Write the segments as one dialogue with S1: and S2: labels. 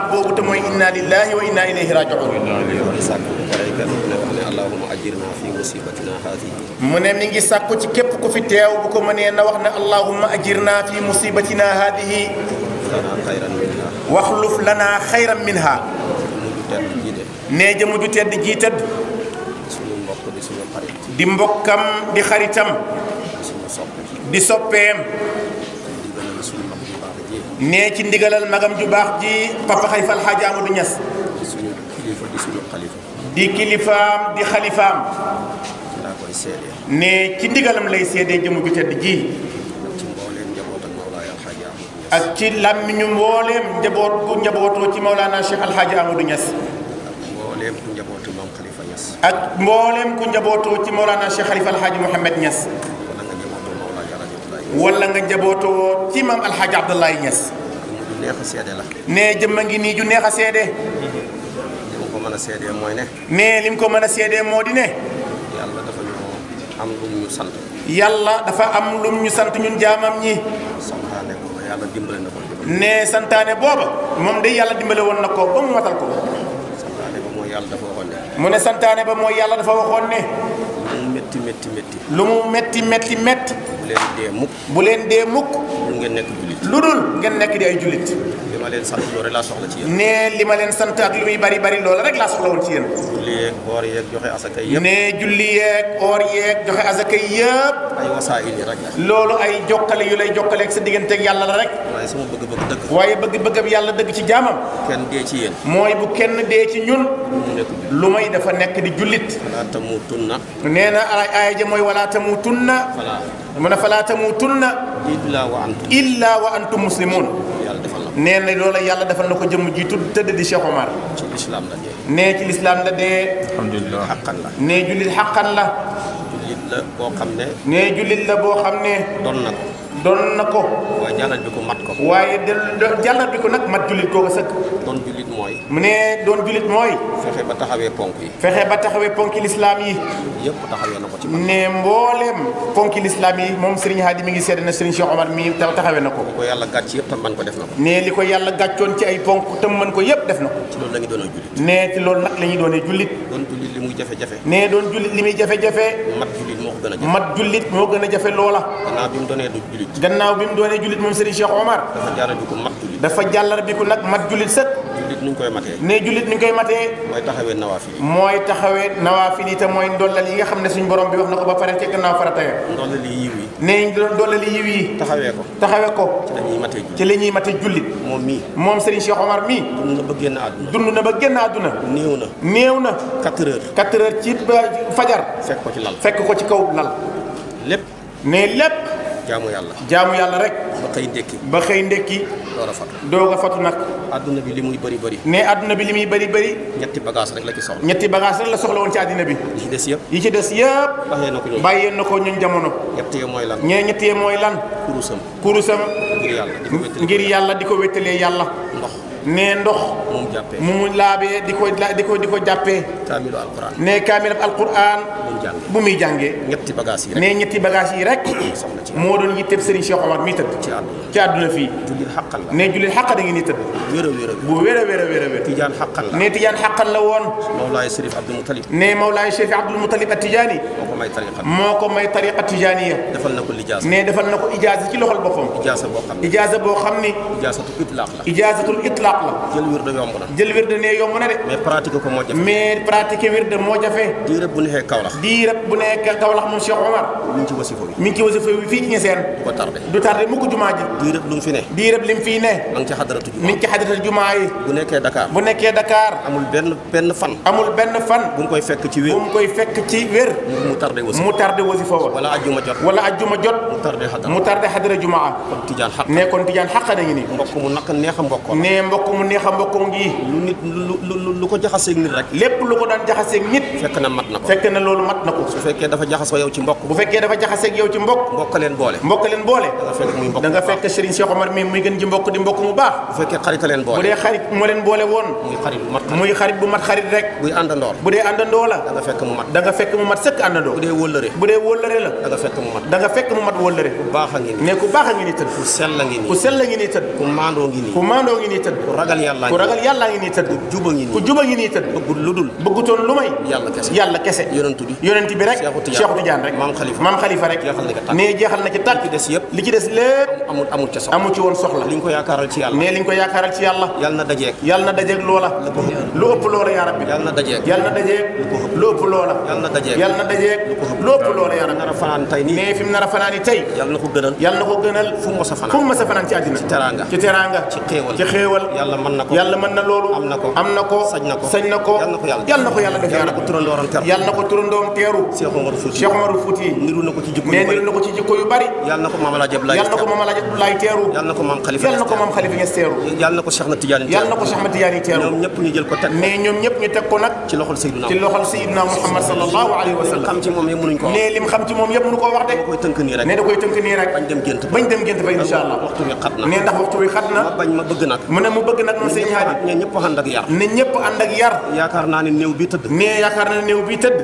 S1: baat boobu te inna lillahi wa inna ilayhi raji'un mu ne mi ngi sàkku ci képp ku fi na wax ne allahumma ajirna fi musibatina haadihi waxluf lana xayran minha nee jëmu ju tedd jii tëdd di mbokkam di xaritam di soppeem nee ci ndigalal magam ju baax ji papa xalifa alxaaji Amadou Niass di kilifaam di xalifaam ne ci ndigalam lay seedee jëmu ju tedd ji ak ci làmmiñu mbooleem njaboot gu njabootoo ci Maulana Cheikh Alxaaji Amadou Niass ak mbooleem ku njabootoo ci Maulana Cheikh Xalifa Alxaaji Mohamed Niass wala nga njabootoo ci maam alxaaji Abdoulaye Niass. ju neex a seede la. nee jëmma ngi nii ju neex a seede. li mu ko mën a seedee mooy ne. nee li mu ko mën a seedee moo di ne. yàlla dafa ñu am lu ñu sant. yàlla dafa am lu ñu sant ñun jaamam ñi. santaane booba yàlla dimbale ko. nee santaane booba moom yàlla dimbale woon na ko ba mu matal ko. santaane ba mooy yàlla dafa waxoon ne. mu ne santaane ba mooy yàlla dafa waxoon ne. lu mu métti métti métti. leen dee mukk bu leen dee mukk dul ngeen nekk lu dul ngeen nekk di ay jullit. leen sant loolu rek ne li ma leen sant ak lu bari bari loolu rek laa soxla woon ci yéen. julli yeeg oor joxe asaka yëpp. ne julli yeeg oor joxe asaka yëpp. ay wasaayil yi rek loolu ay jokkale yu lay jokkaleeg sa digganteeg yàlla la rek. waaye sama bëgg-bëgg waaye bëgg-bëggam yàlla dëgg ci jaamam. kenn yéen. mooy bu kenn dee ci ñun. lu may dafa nekk di jullit. wala tamutunna. na aaya ja mooy wala tamutunna. mu ne falaa tamuutunna illaa wa antum illaa wa antum muslimun nee na loola yàlla defal na ko jëmm ji tudd tëdd di Cheikh Omar. ci lislaam la dee. nee ci lislaam la dee. nee jullit xaqan la. jullit la boo xam ne. nee jullit la boo xam ne. doon na doon na ko. waaye jàllat ko mat waaye del jàllat bi ko nag mat jullit koo ko sëkk. doon jullit mooy. mu ne doon jullit mooy. fexe ba taxawee ponk yi. fexe ba taxawee ponki lislaam yi. yëpp taxawee na ko ci ne mbooleem ponki lislaam yi moom Serigne Hadi mi ngi seede na Serigne Cheikh Omar mi taxawee na ko. li ko yàlla gàcc yëpp tam mën ko def na ko. ne li ko yàlla gàccoon ci ay ponk tam mën ko yëpp def na ko. loolu la ñu doonee jullit. ne ci loolu nag la ñuy jullit. li muy jafe-jafe nee doon jullit li muy jafe-jafe mat jullit moo ko gën a jafe mat jullit moo a jafe loola gannaaw bi mu doonee du jullit gannaaw bi mu doonee jullit moom ko mat jullit dafa jàllar ko nag mat jullit sët jullit nuñ koy matee nee jullit nuñ ne suñ borom bi wax na ba pare ci gannaaw farata ya ko taxawee ko ci la ñuy matee jullit moom mii moom Serigne Cheikh Omar mii dund na ba génn àdduna néew na néew na quatre heures ba fajar. fekk ko ci lal fekk ko ci kaw lal. lépp ne lépp. jaamu yàlla jaamu yàlla rek. ba xëy ndékki ba xëy ndékki. doo nga fatu doo nga fatu nag. adduna bi li muy bëri bëri. ne àdduna bi li muy bëri bëri. ñetti bagage rek la ci soxla. ñetti bagage la soxla ci adduna bi. des yëpp yi ci des yëpp. bàyyee na ko na ko ñun jamono. ñett lan ñee ñett yee mooy lan. ngir yàlla di ko wéttalee ngir yàlla di ko wéttalee yàlla. nee ndox. mu mu jàppee mu mu di ko di ko di ko jàppee. kaamilu alquran nee kaamil bu muy jàngee. ñetti bagages yi rek nee ñetti bagages yi rek. moo doon yitteeb Serigne Cheikh Omar mi tëdd. ci àdduna ci àdduna fii. jullit xaqal la nee jullit xaqal da ngeen di tëdd. a wéer a bu wéer a wéer a wéer a wéer. tijaan xaqal la nee tijaan xaqal la woon. Mawlaay Serif Abdul Mutalib. nee Mawlaay Serif Abdul Mutalib Atijaani. moo ko may tariqa moo ko may tariqa Tijaaniya. defal na ko lijaasa nee defal na ko ijaasa ci loxol boppam. ijaasa boo xam ne ijaasa boo xam ne. ijaasatul itlaq la jàpp la. jël wirde yomb na. jël wirde ne yomb na de. mais pratiquer ko moo jafe. mais pratiquer wirde moo jafe. diirëb bu nekkee Kaolack. diirëb bu nekkee Kaolack moom Cheikh Omar. mi ngi ci wasifa bi. mi ngi ci wasifa bi fii ci ñeseen. du ko tardé du tardé mu ko jumaa ji. diirëb lu mu fi ne. diirëb li mu fiy ne. ma ngi ci xadaratu jumaa mi ngi ci xadaratu jumaa yi. bu nekkee Dakar. bu nekkee Dakar. amul benn benn fan. amul benn fan. bu mu koy fekk ci wér. bu mu koy fekk ci wér. mu tardé wasifa mu tardé wasifa wa. wala ajjuma jot. wala ajjuma jot. mu tardé xadara mu tardé xadara jumaa. kon tijaan xaq ne kon tijaan xaq na ngi nii. mbokk mu naka neex a mbokk. mbokk mu neex a mbokk ngi lu nit lu lu ko jaxaseeg nit rek. lépp lu ko daan jaxaseeg nit. fekk na mat na ko fekk na loolu mat na ko su fekkee dafa jaxasoo yow ci mbokk bu fekkee dafa jaxaseeg yow ci mbokk mbokk leen boole mbokk leen boole da nga fekk Serigne Cheikh Omar mi muy gën ji mbokk di mbokk mu baax bu fekkee xarit leen boole bu dee xarit moo leen boole woon muy xarit bu mat xarit rek buy àndandoor bu dee àndandoo la da nga fekk mu mat da nga fekk mu mat sëkk àndandoo bu dee wóllëre bu dee wóllëre la da nga fekk mu mat da nga fekk mu mat wóllëre ku baax a ngi nii mais ku baax a ngi nii tëdd ku sell a ngi nii ku sell a ngi nii tëdd ku maandoo ngi nii ku maandoo ngi nii tëdd ku ragal yàlla ku ragal yàlla ngi nii tëdd ku juba ngi nii ku juba ngi nii tëdd bëggul lu dul bëggutoon lu may yàlla يالا كسه يونتو يونتي بي رك شيخو تيجان رك مام خليفه مام خليفه رك مي جيخال ناكي تاك ديس ييب لي دي ديس ليب امول امول تي سوخ امول تي وون سوخلا لي نكو ياكارال تي يالا مي لي نكو ياكارال تي يالا يالنا داجيك يالنا داجيك لولا لو اوب لولا يا ربي يالنا داجيك يالنا داجيك لو اوب لولا يالنا داجيك يالنا داجيك لو اوب لولا يا ربي رفان تاي ني مي فيم نارا فنان تاي يالا نكو گنال يالا نكو گنال فوم مسا turandooram teru yàlla na ko turandoom teeru Cheikh Omar Fouti Cheikh Omar Fouti niru na ko ci jikko yu bari mais niru na ko ci jikko yu bari yàlla na ko maam Alaaji Abdoulaye yàlla na ko maam Alaaji Abdoulaye teeru yàlla na ko maam Khalifa yàlla na ko maam Khalifa Niass teeru yàlla na ko Cheikh na Tidiane teeru yàlla na ko Cheikh na Tidiane teeru ñoom ñëpp ñu jël ko teg mais ñoom ñëpp ñu teg ko nag ci loxol Seydina ci loxol Seydina Muhammad sallallahu alayhi wa sallam xam ci moom yëpp mënuñ ko mais lim xam ci moom yëpp mënu ko wax de da koy tënk nii rek ne da koy tënk nii rek bañ dem gént bañ dem gént ba inshallah waxtu bi xat na ne ndax waxtu bi xat na ma bañ ma bëgg nag mu ne mu bëgg nag moom Sëñ Haadi ne ñëpp ànd ak yar ne ñëpp ànd ak yar yaakaar naa ne néew bi tëdd yaakaar na néew bi tëdd.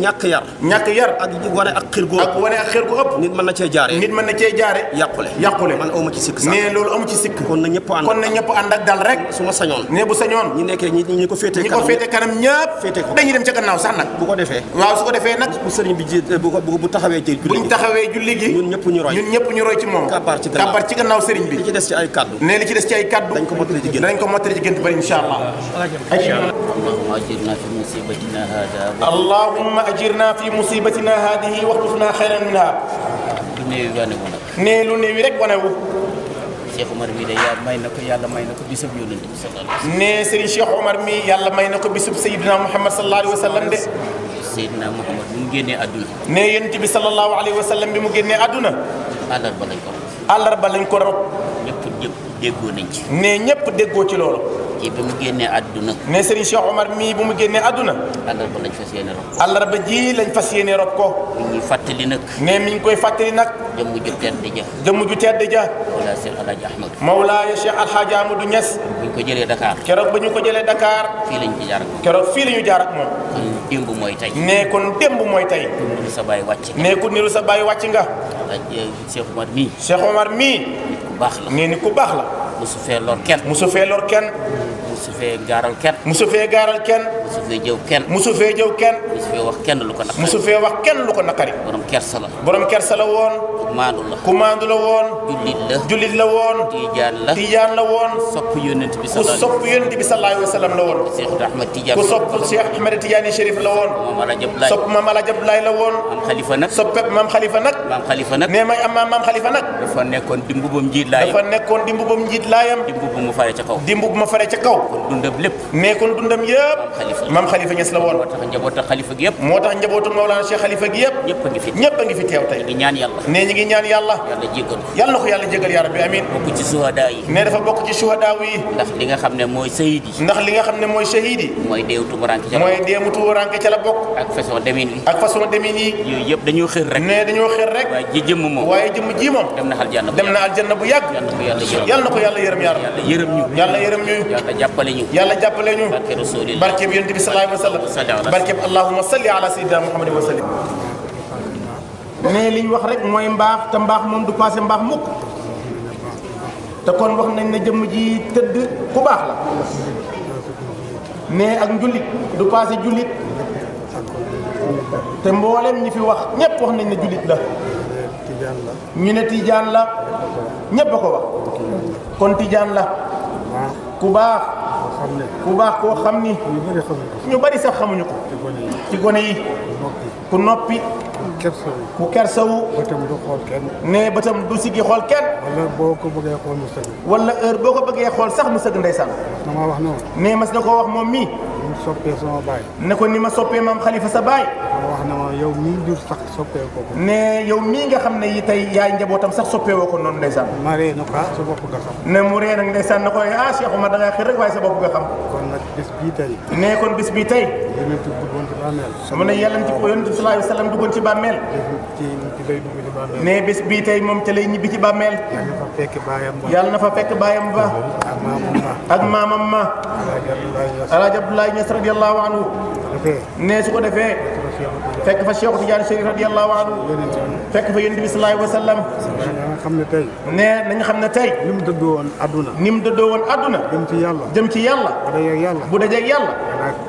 S1: ñàkk yar. ñàkk yar ak wane ak xir gu ak wane ak xir gu ëpp. nit mën na cee jaare nit mën na cee jaare yàqule yàqule man amu ci sikk sax mais loolu amu ci sikk kon na ñëpp ànd kon na ñëpp ànd ak dal rek su ma sañoon ne bu sañoon ñi nekkee ñi ñi ko féete kanam ñi ko féete kanam ñëpp féete ko dañuy dem ca gannaaw sax nag bu ko defee waaw su ko defee nag bu sëriñ bi jiite bu ko bu taxawee ci julli bu ñu taxawee julli gi ñun ñëpp ñu roy ñun ñëpp ñu roy ci moom kabar ci gannaaw kabar ci gannaaw sëriñ bi li ci des ci ay kaddu ne li ci des ci ay kaddu dañ ko mottali ci gént dañ ko mottali ci gént ba inshallah اللهم اجرنا في مصيبتنا هذه واخلفنا خيرا منها نيلو نيو رك ونيو شيخ عمر مي يا ماي نكو يالا ماي نكو بيسب يونت ني سيري شيخ عمر مي يالا ماي نكو بيسب سيدنا محمد صلى الله عليه وسلم دي سيدنا محمد مو генي ادونا ني ينتي بي صلى الله عليه وسلم بي مو генي ادونا الله رب لنكو الله رب لنكو رب نيب ديغو نانتي ني نيب ديغو تي لولو ci bi mu génnee àdduna. ne Serigne Cheikh Omar mii bu mu génnee àdduna. àllarba lañ fas yéene rob ko. àllarba ji lañ fas yéene rob ko. mi ngi fàttali nag. ne mi ngi koy fàttali nag. jëmm ju tedd ja. jëmm ju tedd ja. Mawlaa Cheikh El Hadj Ahmad. Mawlaa Cheikh El Hadj Amadou Niass. bu ñu ko jëlee Dakar. keroog ba ñu ko jëlee Dakar. fii lañ ci jaar ak moom. keroog fii la ñu jaar ak moom. kon démb mooy tey. ne kon démb mooy tey. ku niru sa bàyyi wàcc nga. ne ku niru sa bàyyi wàcc nga. Eh, Cheikh Omar mii. Cheikh Omar mii. nit ku baax la. ne nit ku baax la. musu fee lor kenn. musu fee lor kenn. musu fee gaaral kenn. musu fee gaaral kenn. musu fee jëw kenn. musu fee jëw kenn. musu fee wax kenn lu ko naqari. musu fee wax kenn lu ko naqari. borom kersa la. borom kersa la woon. ku maandu la. ku maandu la woon. jullit la. jullit la woon. tijaan la. tijaan la woon. sopp yonent bi sallallahu ku sopp yonent bi sallallahu alayhi wa sallam la woon. Cheikh Ahmed Tidiane ku sopp Cheikh Ahmed Tidiane Chérif la woon. Mame El Hadj Abdoulaye sopp Mame El Hadj Abdoulaye la woon. Mame Khalifa nag. soppe Mame Khalifa nag. Mame Khalifa nag nee ma am Mame Khalifa nag. dafa nekkoon dimbu ba mu njiit laayam. dafa nekkoon dimbu ba mu njiit laayam. dimbu bu ma faree ca kaw. dimbu bu ma faree ca kaw. kon dundam lépp mais kon dundam yëpp maam xalifa ñes la woon moo tax njabootu xalifa a a ne ñi ngi ñaan yàlla yàlla jégal yàlla yàlla jégal yàlla yàlla yërëm yaa yàlla yërëm ñu jàppale ñu yàlla jàppale ñu barke rasulillah barke bi yonent bi sallallahu alayhi wa sallam barke bi allahumma salli ala sayyidina muhammadin wa sallim mais wax rek mooy mbaax te mbaax moom du passé mbaax mukk te kon wax nañ ne jëmm ji tëdd ku baax la mais ak njullit du passé jullit te mboolem ñi fi wax ñëpp wax nañ ne jullit la ñu ne tiijaan la ñëpp ko wax kon tijaan la ku baax ku baax koo xam ni. ñu bari sax xamuñu ko. ci gone yi. ku noppi. ku kersawu. bëtam du xool kenn. ne bëtam du siggi xool kenn. wala boo ko bëggee xool mu sëgg. wala heure boo ko bëggee xool sax mu sëgg ndeysaan. damaa wax noonu. ne mas na ko wax moom mi ni ma ko ni ma soppee maam xalifa sa baay. yow mii jur sax soppeekoo ko. ne yow mii nga xam ne yi tey yaay njabootam sax soppeekoo ko noonu ndeysaan. ma ree na ko ah sa bopp nga xam. ne mu ree nag ndeysaan na ko ah Cheikh Oumar da ngaa xir rek waaye sa bopp nga xam. kon nag bis bii bi duggoon ci bàmmeel. mu ne yàlla ci yonent bi sallallahu alayhi wa sallam tey moom ca lay ñibbi ci bàmmeel. yàlla na fa fekk baayam ba. yàlla na fa fekk baayam ba. ak maamam ma. Alaaji Abdoulaye Niass radiyallahu anhu ne su ko defee fekk fekk fa Cheikh Tidiane Chérif radiyallahu anhu fekk fa yonent bi sallallahu alayhi wa sallam xam ne tey nee nañu xam ne tey ni mu dëddoo woon adduna ni mu dëddoo woon adduna jëm ci yàlla jëm ci yàlla bu dajeeg yàlla bu dajeeg yàlla